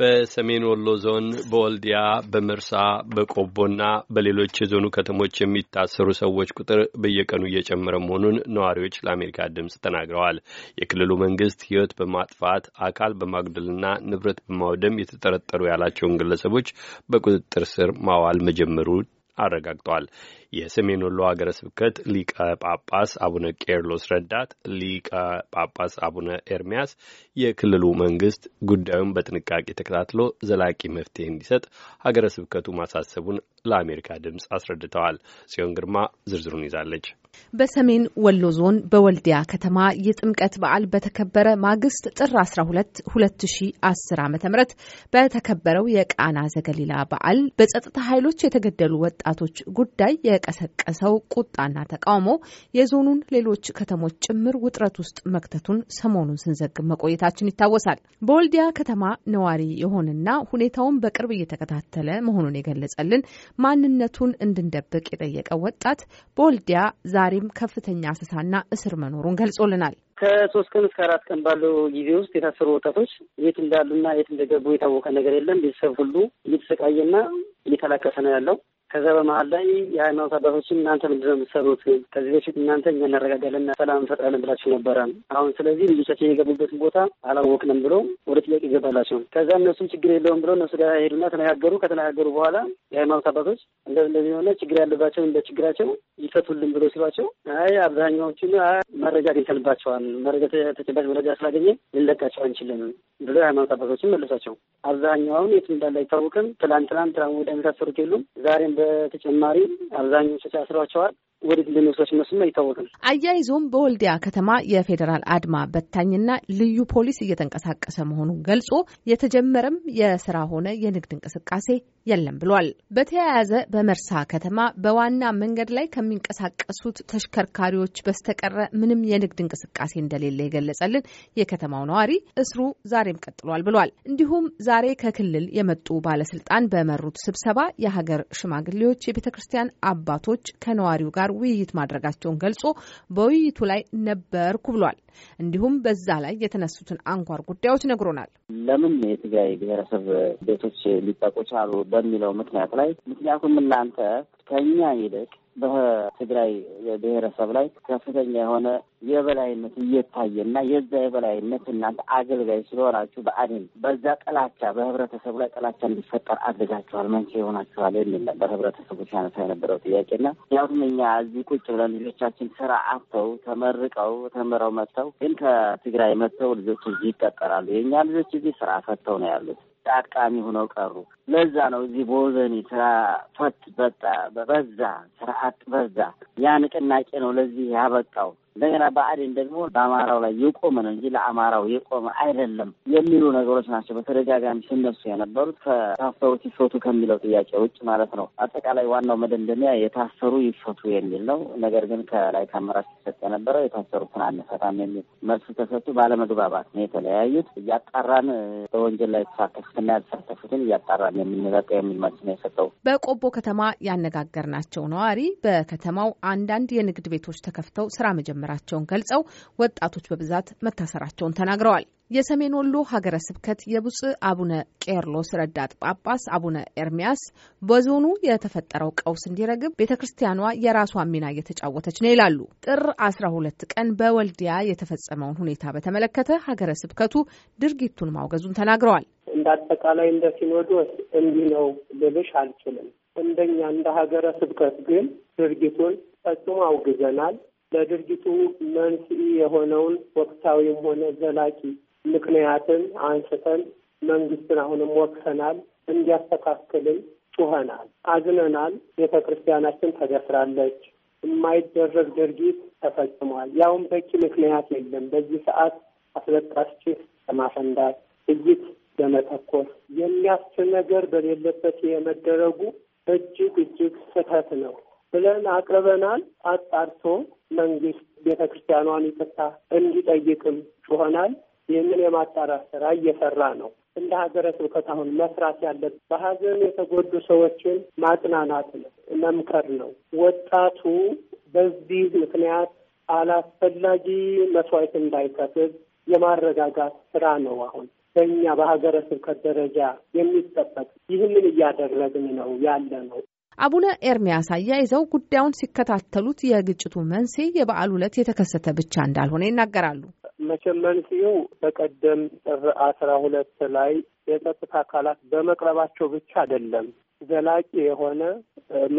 በሰሜን ወሎ ዞን በወልዲያ በመርሳ በቆቦና በሌሎች የዞኑ ከተሞች የሚታሰሩ ሰዎች ቁጥር በየቀኑ እየጨመረ መሆኑን ነዋሪዎች ለአሜሪካ ድምፅ ተናግረዋል። የክልሉ መንግስት ሕይወት በማጥፋት አካል በማጉደልና ንብረት በማውደም የተጠረጠሩ ያላቸውን ግለሰቦች በቁጥጥር ስር ማዋል መጀመሩ አረጋግጧል። የሰሜን ወሎ ሀገረ ስብከት ሊቀ ጳጳስ አቡነ ቄርሎስ ረዳት፣ ሊቀ ጳጳስ አቡነ ኤርሚያስ የክልሉ መንግስት ጉዳዩን በጥንቃቄ ተከታትሎ ዘላቂ መፍትሄ እንዲሰጥ ሀገረ ስብከቱ ማሳሰቡን ለአሜሪካ ድምፅ አስረድተዋል። ጽዮን ግርማ ዝርዝሩን ይዛለች። በሰሜን ወሎ ዞን በወልዲያ ከተማ የጥምቀት በዓል በተከበረ ማግስት ጥር 12 2010 ዓ ም በተከበረው የቃና ዘገሊላ በዓል በጸጥታ ኃይሎች የተገደሉ ወጣቶች ጉዳይ በቀሰቀሰው ቁጣና ተቃውሞ የዞኑን ሌሎች ከተሞች ጭምር ውጥረት ውስጥ መክተቱን ሰሞኑን ስንዘግብ መቆየታችን ይታወሳል። በወልዲያ ከተማ ነዋሪ የሆነና ሁኔታውን በቅርብ እየተከታተለ መሆኑን የገለጸልን ማንነቱን እንድንደብቅ የጠየቀ ወጣት በወልዲያ ዛሬም ከፍተኛ አሰሳና እስር መኖሩን ገልጾልናል። ከሶስት ቀን እስከ አራት ቀን ባለው ጊዜ ውስጥ የታሰሩ ወጣቶች የት እንዳሉና የት እንደገቡ የታወቀ ነገር የለም። ቤተሰብ ሁሉ እየተሰቃየና እየተላቀሰ ነው ያለው። ከዛ በመሀል ላይ የሃይማኖት አባቶችን እናንተ ምንድነው የምትሰሩት? ከዚህ በፊት እናንተ እኛ እናረጋጋለንና ሰላም እንፈጥራለን ብላችሁ ነበረ። አሁን ስለዚህ ልጆቻችን የገቡበትን ቦታ አላወቅንም ብሎ ወደ ጥያቄ ይገባላቸው። ከዛ እነሱም ችግር የለውም ብሎ እነሱ ጋር ሄዱና ተነጋገሩ። ከተነጋገሩ በኋላ የሃይማኖት አባቶች እንደዚህ እንደዚህ የሆነ ችግር ያለባቸው እንደ ችግራቸው ይፈቱልን ብሎ ሲሏቸው፣ አይ አብዛኛዎቹን መረጃ አግኝተንባቸዋል፣ መረጃ ተጨባጭ መረጃ ስላገኘ ልንለቃቸው አንችልም ብሎ የሃይማኖት አባቶችን መለሳቸው። አብዛኛውን አሁን የት እንዳለ አይታወቅም። ትላንት ትላንት ወደ የመሳሰሩት የሉም። ዛሬም በተጨማሪ አብዛኞቹ አስሯቸዋል። ወደ እንደሚወስዳች መስማ ይታወቃል። አያይዞም በወልዲያ ከተማ የፌዴራል አድማ በታኝና ልዩ ፖሊስ እየተንቀሳቀሰ መሆኑን ገልጾ የተጀመረም የስራ ሆነ የንግድ እንቅስቃሴ የለም ብሏል። በተያያዘ በመርሳ ከተማ በዋና መንገድ ላይ ከሚንቀሳቀሱት ተሽከርካሪዎች በስተቀረ ምንም የንግድ እንቅስቃሴ እንደሌለ የገለጸልን የከተማው ነዋሪ እስሩ ዛሬም ቀጥሏል ብሏል። እንዲሁም ዛሬ ከክልል የመጡ ባለስልጣን በመሩት ስብሰባ የሀገር ሽማግሌዎች፣ የቤተ ክርስቲያን አባቶች ከነዋሪው ጋር ጋር ውይይት ማድረጋቸውን ገልጾ በውይይቱ ላይ ነበርኩ ብሏል። እንዲሁም በዛ ላይ የተነሱትን አንኳር ጉዳዮች ነግሮናል። ለምን የትግራይ ብሔረሰብ ቤቶች ሊጠቁ ቻሉ በሚለው ምክንያት ላይ ምክንያቱም እናንተ ከኛ ይልቅ በትግራይ ብሔረሰብ ላይ ከፍተኛ የሆነ የበላይነት እየታየ እና የዛ የበላይነት እናንተ አገልጋይ ስለሆናችሁ በአዴን በዛ ጥላቻ በህብረተሰቡ ላይ ጥላቻ እንዲፈጠር አድርጋችኋል፣ መንቼ የሆናችኋል የሚል ነበር ህብረተሰቡ ሲያነሳ የነበረው ጥያቄና ያሁም እኛ እዚህ ቁጭ ብለን ልጆቻችን ስራ አጥተው ተመርቀው ተምረው መጥተው ግን ከትግራይ መጥተው ልጆች እዚህ ይቀጠራሉ። የእኛ ልጆች እዚህ ስራ ፈጥተው ነው ያሉት። አጥቃሚ ሆነው ቀሩ። ለዛ ነው እዚህ በወዘኒ ስራ ፈት በጣ በዛ ስራ አጥ በዛ ያ ንቅናቄ ነው ለዚህ ያበቃው። እንደገና ብአዴን ደግሞ በአማራው ላይ የቆመ ነው እንጂ ለአማራው የቆመ አይደለም የሚሉ ነገሮች ናቸው በተደጋጋሚ ሲነሱ የነበሩት ከታሰሩት ይፈቱ ከሚለው ጥያቄ ውጭ ማለት ነው። አጠቃላይ ዋናው መደምደሚያ የታሰሩ ይፈቱ የሚል ነው። ነገር ግን ከላይ ከአመራር ሲሰጥ የነበረው የታሰሩትን አንፈታም የሚል መልስ ተሰጡ። ባለመግባባት ነው የተለያዩት። እያጣራን በወንጀል ላይ የተሳተፉትና ያልተሳተፉትን እያጣራን የምንለቀው የሚል መልስ ነው የሰጠው። በቆቦ ከተማ ያነጋገርናቸው ነዋሪ በከተማው አንዳንድ የንግድ ቤቶች ተከፍተው ስራ መጀመር መጀመራቸውን ገልጸው ወጣቶች በብዛት መታሰራቸውን ተናግረዋል። የሰሜን ወሎ ሀገረ ስብከት የብፁዕ አቡነ ቄርሎስ ረዳት ጳጳስ አቡነ ኤርሚያስ በዞኑ የተፈጠረው ቀውስ እንዲረግብ ቤተ ክርስቲያኗ የራሷን ሚና እየተጫወተች ነው ይላሉ። ጥር 12 ቀን በወልዲያ የተፈጸመውን ሁኔታ በተመለከተ ሀገረ ስብከቱ ድርጊቱን ማውገዙን ተናግረዋል። እንደ አጠቃላይ እንደ ሲኖዶስ እንዲህ ነው ልልሽ አልችልም። እንደኛ እንደ ሀገረ ስብከት ግን ድርጊቱን ፈጽሞ አውግዘናል። ለድርጊቱ መንስኤ የሆነውን ወቅታዊም ሆነ ዘላቂ ምክንያትን አንስተን መንግስትን አሁንም ወቅሰናል፣ እንዲያስተካክልን ጩኸናል፣ አዝነናል። ቤተ ክርስቲያናችን ተደፍራለች፣ የማይደረግ ድርጊት ተፈጽሟል። ያውም በቂ ምክንያት የለም። በዚህ ሰዓት አስለቃሽ ጭስ ለማፈንዳት ጥይት ለመተኮስ የሚያስችል ነገር በሌለበት የመደረጉ እጅግ እጅግ ስህተት ነው ብለን አቅርበናል። አጣርቶ መንግስት ቤተ ክርስቲያኗን ይቅርታ እንዲጠይቅም ይሆናል። ይህንን የማጣራት ስራ እየሰራ ነው። እንደ ሀገረ ስብከት አሁን መስራት ያለብን በሀዘን የተጎዱ ሰዎችን ማጽናናት ነው፣ መምከር ነው። ወጣቱ በዚህ ምክንያት አላስፈላጊ መስዋዕት እንዳይከፍል የማረጋጋት ስራ ነው አሁን በእኛ በሀገረ ስብከት ደረጃ የሚጠበቅ ይህንን እያደረግን ነው ያለ ነው። አቡነ ኤርሚያስ አያይዘው ጉዳዩን ሲከታተሉት የግጭቱ መንስኤ የበዓል ዕለት የተከሰተ ብቻ እንዳልሆነ ይናገራሉ። መቼም መንስኤው በቀደም ጥር አስራ ሁለት ላይ የጸጥታ አካላት በመቅረባቸው ብቻ አይደለም። ዘላቂ የሆነ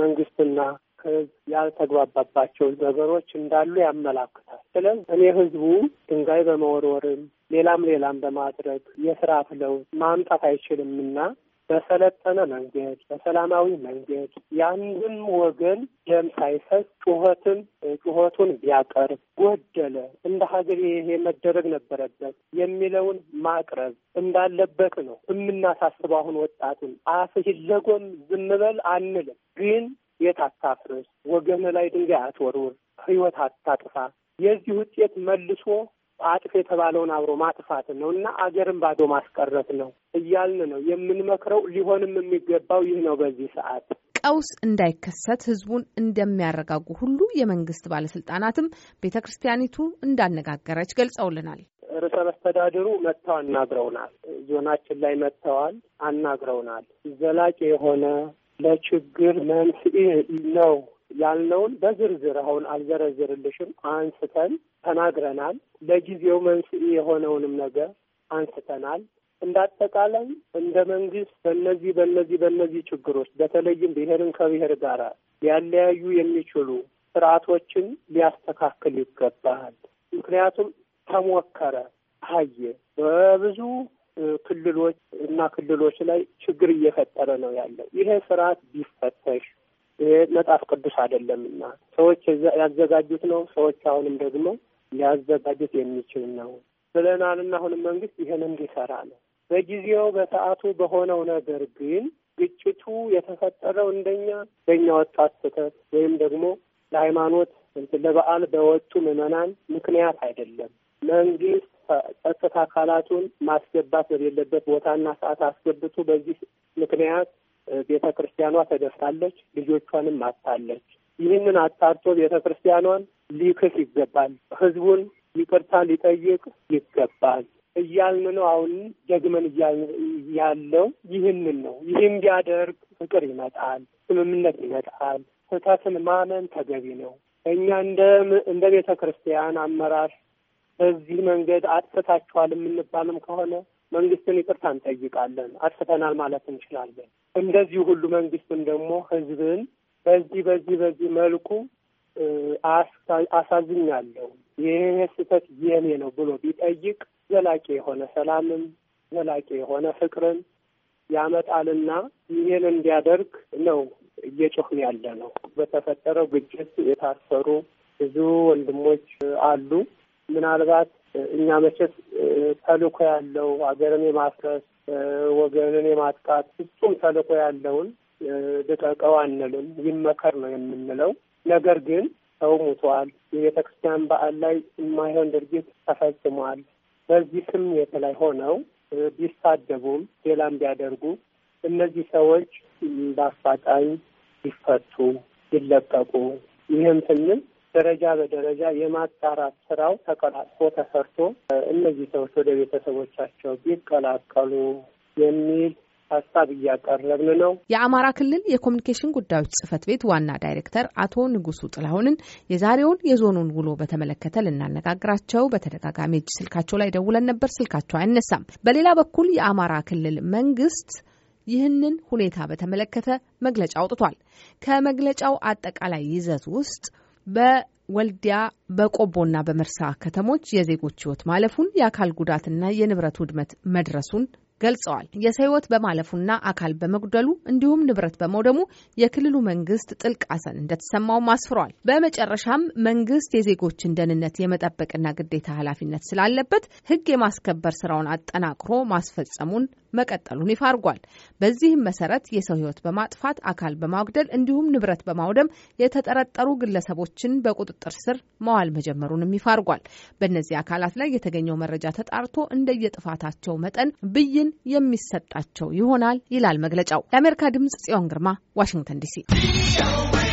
መንግስትና ህዝብ ያልተግባባባቸው ነገሮች እንዳሉ ያመላክታል። ስለዚህ እኔ ህዝቡ ድንጋይ በመወርወርም ሌላም ሌላም በማድረግ የስርዓት ለውጥ ማምጣት አይችልምና በሰለጠነ መንገድ በሰላማዊ መንገድ ያንድም ወገን ደም ሳይፈስ ጩኸትን ጩኸቱን ቢያቀርብ ጎደለ፣ እንደ ሀገር ይሄ መደረግ ነበረበት የሚለውን ማቅረብ እንዳለበት ነው የምናሳስበው። አሁን ወጣቱን አፍ ለጎም ዝም በል አንልም፣ ግን የት አታፍርስ፣ ወገን ላይ ድንጋይ አትወርውር፣ ህይወት አታጥፋ። የዚህ ውጤት መልሶ አጥፍ የተባለውን አብሮ ማጥፋት ነው እና አገርን ባዶ ማስቀረት ነው እያልን ነው የምንመክረው። ሊሆንም የሚገባው ይህ ነው። በዚህ ሰዓት ቀውስ እንዳይከሰት ህዝቡን እንደሚያረጋጉ ሁሉ የመንግስት ባለስልጣናትም ቤተ ክርስቲያኒቱ እንዳነጋገረች ገልጸውልናል። ርዕሰ መስተዳድሩ መጥተው አናግረውናል። ዞናችን ላይ መጥተዋል፣ አናግረውናል። ዘላቂ የሆነ ለችግር መንስኤ ነው ያልነውን በዝርዝር አሁን አልዘረዝርልሽም አንስተን ተናግረናል። ለጊዜው መንስኤ የሆነውንም ነገር አንስተናል። እንዳጠቃላይ እንደ መንግስት በእነዚህ በእነዚህ በእነዚህ ችግሮች በተለይም ብሔርን ከብሔር ጋር ሊያለያዩ የሚችሉ ስርዓቶችን ሊያስተካክል ይገባል። ምክንያቱም ተሞከረ አየ በብዙ ክልሎች እና ክልሎች ላይ ችግር እየፈጠረ ነው ያለው። ይሄ ስርዓት ቢፈተሽ ይሄ መጽሐፍ ቅዱስ አይደለምና ሰዎች ያዘጋጁት ነው። ሰዎች አሁንም ደግሞ ሊያዘጋጁት የሚችል ነው ብለናልና አሁንም መንግስት ይህን እንዲሰራ ነው። በጊዜው በሰዓቱ በሆነው ነገር ግን ግጭቱ የተፈጠረው እንደኛ በእኛ ወጣት ስህተት ወይም ደግሞ ለሃይማኖት ለበዓል በወጡ ምዕመናን ምክንያት አይደለም። መንግስት ጸጥታ አካላቱን ማስገባት በሌለበት ቦታና ሰዓት አስገብቶ በዚህ ምክንያት ቤተ ክርስቲያኗ ተደፍራለች፣ ልጆቿንም አታለች። ይህንን አጣርቶ ቤተ ክርስቲያኗን ሊክስ ይገባል፣ ህዝቡን ይቅርታ ሊጠይቅ ይገባል እያልን ነው። አሁን ደግመን ያለው ይህንን ነው። ይህም ቢያደርግ ፍቅር ይመጣል፣ ስምምነት ይመጣል። ስህተትን ማመን ተገቢ ነው። እኛ እንደ እንደ ቤተ ክርስቲያን አመራር በዚህ መንገድ አጥፍታችኋል የምንባልም ከሆነ መንግስትን ይቅርታ እንጠይቃለን፣ አጥፍተናል ማለት እንችላለን። እንደዚህ ሁሉ መንግስትም ደግሞ ህዝብን በዚህ በዚህ በዚህ መልኩ አሳዝኛለሁ፣ ይህ ስህተት የኔ ነው ብሎ ቢጠይቅ ዘላቂ የሆነ ሰላምን ዘላቂ የሆነ ፍቅርን ያመጣልና ይህን እንዲያደርግ ነው እየጮህን ያለ ነው። በተፈጠረው ግጭት የታሰሩ ብዙ ወንድሞች አሉ። ምናልባት እኛ መቼት ተልኮ ያለው ሀገርን የማፍረስ ወገንን የማጥቃት ፍጹም ተልኮ ያለውን ልቀቀው አንልም፣ ይመከር ነው የምንለው። ነገር ግን ሰው ሙቷል። የቤተ ክርስቲያን በዓል ላይ የማይሆን ድርጊት ተፈጽሟል። በዚህ ስሜት ላይ ሆነው ቢሳደቡም ሌላም ቢያደርጉ እነዚህ ሰዎች በአፋጣኝ ይፈቱ ይለቀቁ። ይህም ስንል ደረጃ በደረጃ የማጣራት ስራው ተቀላጥፎ ተሰርቶ እነዚህ ሰዎች ወደ ቤተሰቦቻቸው ቢቀላቀሉ የሚል ሀሳብ እያቀረብን ነው። የአማራ ክልል የኮሚኒኬሽን ጉዳዮች ጽህፈት ቤት ዋና ዳይሬክተር አቶ ንጉሱ ጥላሁንን የዛሬውን የዞኑን ውሎ በተመለከተ ልናነጋግራቸው በተደጋጋሚ እጅ ስልካቸው ላይ ደውለን ነበር። ስልካቸው አይነሳም። በሌላ በኩል የአማራ ክልል መንግስት ይህንን ሁኔታ በተመለከተ መግለጫ አውጥቷል። ከመግለጫው አጠቃላይ ይዘት ውስጥ በወልዲያ በቆቦና በመርሳ ከተሞች የዜጎች ህይወት ማለፉን የአካል ጉዳትና የንብረት ውድመት መድረሱን ገልጸዋል። የሰው ህይወት በማለፉና አካል በመጉደሉ እንዲሁም ንብረት በመውደሙ የክልሉ መንግስት ጥልቅ ሐዘን እንደተሰማውም አስፍሯል። በመጨረሻም መንግስት የዜጎችን ደህንነት የመጠበቅና ግዴታ ኃላፊነት ስላለበት ህግ የማስከበር ስራውን አጠናክሮ ማስፈጸሙን መቀጠሉን ይፋ አድርጓል። በዚህም መሰረት የሰው ህይወት በማጥፋት አካል በማጉደል እንዲሁም ንብረት በማውደም የተጠረጠሩ ግለሰቦችን በቁጥጥር ስር መዋል መጀመሩንም ይፋ አድርጓል። በእነዚህ አካላት ላይ የተገኘው መረጃ ተጣርቶ እንደየጥፋታቸው መጠን ብይን ግን የሚሰጣቸው ይሆናል ይላል መግለጫው። ለአሜሪካ ድምጽ ጽዮን ግርማ ዋሽንግተን ዲሲ